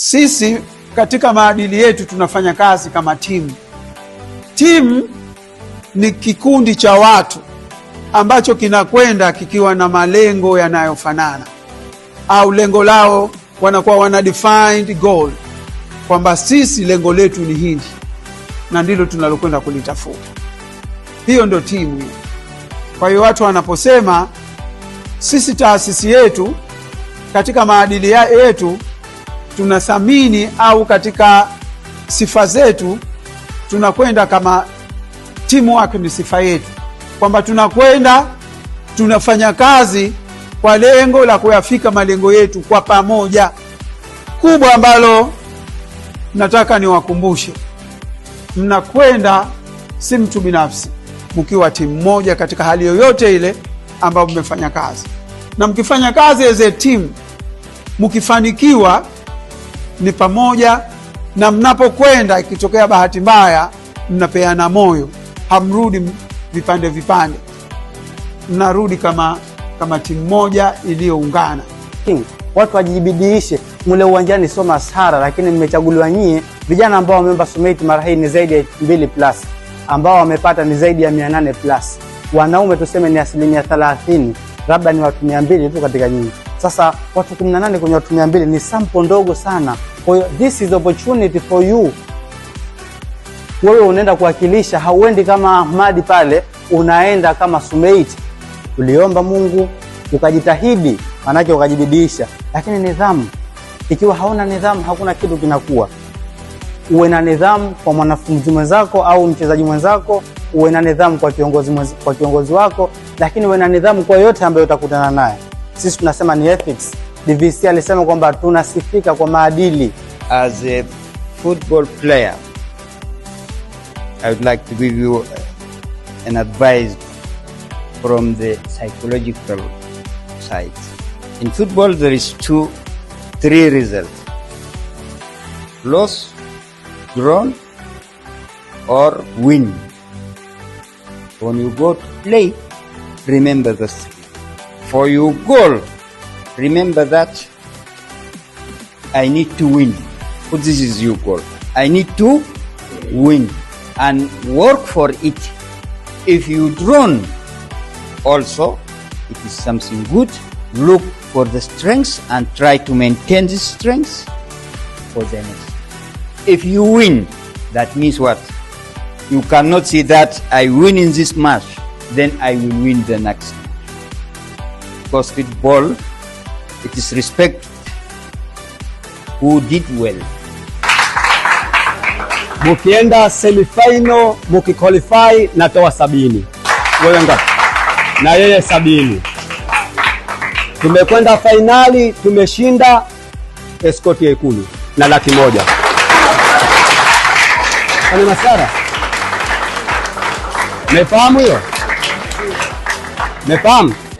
Sisi katika maadili yetu tunafanya kazi kama timu. Timu ni kikundi cha watu ambacho kinakwenda kikiwa na malengo yanayofanana au lengo lao wanakuwa wana defined goal kwamba sisi lengo letu ni hili na ndilo tunalokwenda kulitafuta. Hiyo ndio timu Kwa hiyo watu wanaposema sisi taasisi yetu katika maadili yetu tunathamini au katika sifa zetu tunakwenda kama teamwork, ni sifa yetu kwamba tunakwenda tunafanya kazi kwa lengo la kuyafika malengo yetu kwa pamoja. Kubwa ambalo nataka niwakumbushe, mnakwenda si mtu binafsi, mkiwa timu moja katika hali yoyote ile ambayo mmefanya kazi, na mkifanya kazi as a team mkifanikiwa ni pamoja na mnapokwenda, ikitokea bahati mbaya, mnapeana moyo, hamrudi vipande vipande, mnarudi kama kama timu moja iliyoungana. Watu wajibidiishe mule uwanjani, sio masara, lakini mmechaguliwa nyie vijana ambao wameomba SUMAIT mara hii ni zaidi ya elfu mbili plus, ambao wamepata ni zaidi ya mia nane plus. Wanaume tuseme ni asilimia thelathini, labda ni watu mia mbili tu katika nyingi sasa watu 18 kwenye watu 200 ni sample ndogo sana. Kwa hiyo this is opportunity for you. Wewe unaenda kuwakilisha, hauendi kama Ahmadi pale, unaenda kama Sumeiti. Uliomba Mungu ukajitahidi, manake ukajibidiisha, lakini nidhamu. Ikiwa hauna nidhamu, hakuna kitu kinakuwa. Uwe na nidhamu kwa mwanafunzi mwenzako au mchezaji mwenzako, uwe na nidhamu kwa kiongozi, kwa kiongozi wako, lakini uwe na nidhamu kwa yote ambayo utakutana naye sisi tunasema ni ethics. DVC alisema kwamba tunasifika kwa maadili. As a football player I would like to give you uh, an advice from the psychological side. In football there is two three results loss drawn or win when you go to play remember this for your goal. Remember that I need to win. Oh, this is your goal. I need to win and work for it. If you drone also, it is something good. Look for the strengths and try to maintain the strengths for the next. If you win, that means what? You cannot say that I win in this match, then I will win the next. football, it is respect who did well. Mukienda semifinal mukiqualify, natoa sabini, wewe Na yeye sabini. Tumekwenda fainali tumeshinda, eskoti ya Ikulu na laki moja ana masara. Mefahamu hiyo? Mefahamu?